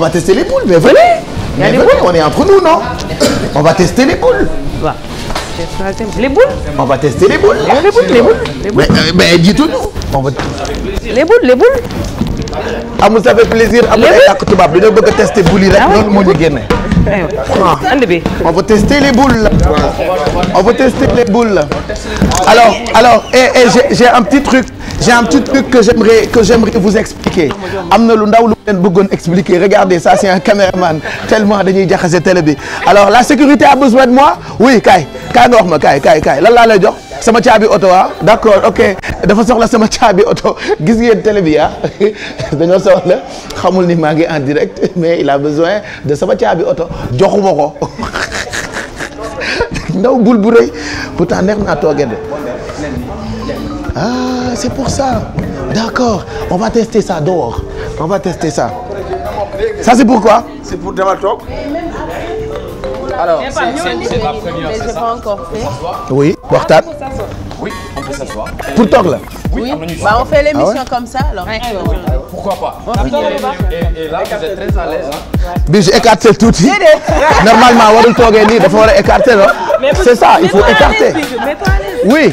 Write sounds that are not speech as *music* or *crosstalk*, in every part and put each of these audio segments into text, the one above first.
On va tester les poules, mais venez mais venez, on est entre nous, non On va tester les poules. waaw les boules. on va tester les boules. les boules les boules les boules. mais mais dites-nous. on va. les boules les boules. amul ah, ça fait plaisir amul ah, ay làkk tubaab dañoo bëgg a tester boules yi rek ah noonu moo ñu génne. and bi on va tester les boules là. on va tester j'ai un petit truc que j'aimerais que j'aimerais vous expliquer am na lu ndaw lu leen bëggoon expliquer regardez ça c'est un caméraman tellement dañuy jaxase télé bi alors la sécurité a besoin de moi oui kay kay nga wax ma kay kay kay lan laa lay jox sama caabi oto ah d'accord ok dafa soxla sama caabi oto gis ngeen télé bi a ah? *laughs* dañoo soxla xamul ni maa ngi en direct mais il a besoin de sama caabi oto joxuma ko *laughs* ndaw bul bu rëy pourtant neex naa Ah, c'est pour ça. D'accord. On va tester ça dehors. On va tester ça. Ça, c'est pourquoi? C'est pour demal toog. Alors, Oui, waxtaan. on peut s'asseoir. Pour toog la. Oui, bah on fait ah l'émission comme ça alors. Euh, pourquoi pas? Et là, vous êtes très à l'aise hein. Bi j'ai écarté tuuti. Normalement warul toogee C'est ça, il faut écarter. Oui.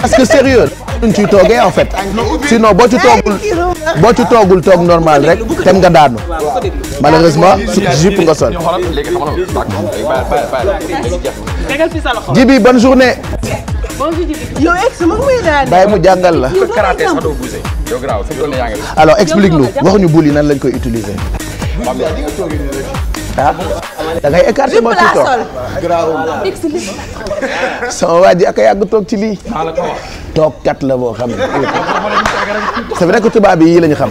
parce que sérieux duñ ciy en fait sinon boo toogul boo ci toogul toog normal rek tem nga daanu malheureusement su nga sol jibi bonne journée. bonjour jibi. yow mu jàngal la. alo explique nous wax ñu bul yi nan lañ koy utiliser. ah da ngay ci toog. sama waa ji ak toog ci lii. toog kat la boo xam ne. c'est vrai tubaab yi yii la xam.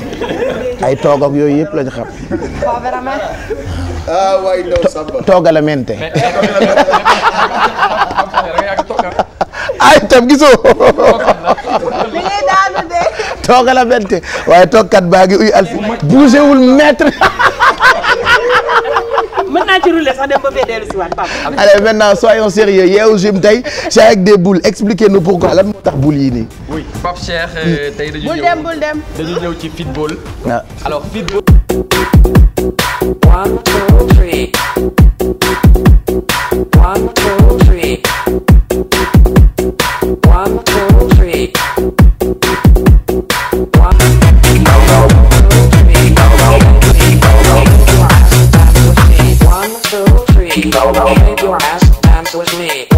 ay toog yooyu yëpp la ñu xam. ah waay ay tam gisoo. toogala bente waaye toogkat baa ngi uy alfi bougé wul maître mën naa ci rouler sax dem ba fee dellu si waat papa. allez maintenant soyons sérieux Yeewu Gym tey c'est avec des boules expliquez-nous lan moo tax boules yii nii. oui Pape euh, hmm.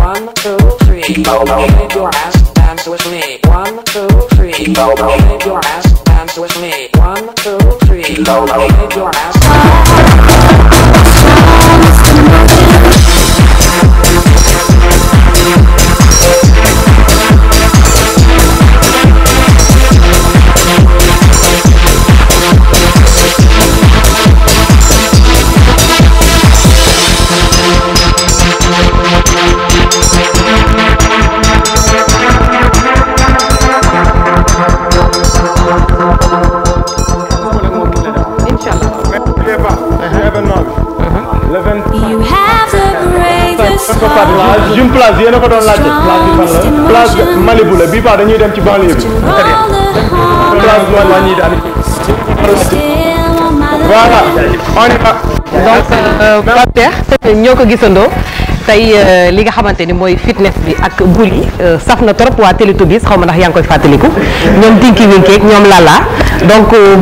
One, two, three. Shake your ass, dance with me. One, two, three. Shake your ass, dance with me. One, two, three. Shake your ass. Ah, place Jum place a ko doon laajte. place Malibu dem ci banlieue bi. place euh, ñoo ko gisandoo. tey euh, li nga xamante ni mooy fitness bi ak bul yi euh, saf na trop waa Télétoubis xaw ma ndax yaa ngi koy fàttaliku ñoom Tinky Winky ñoom Lala donc.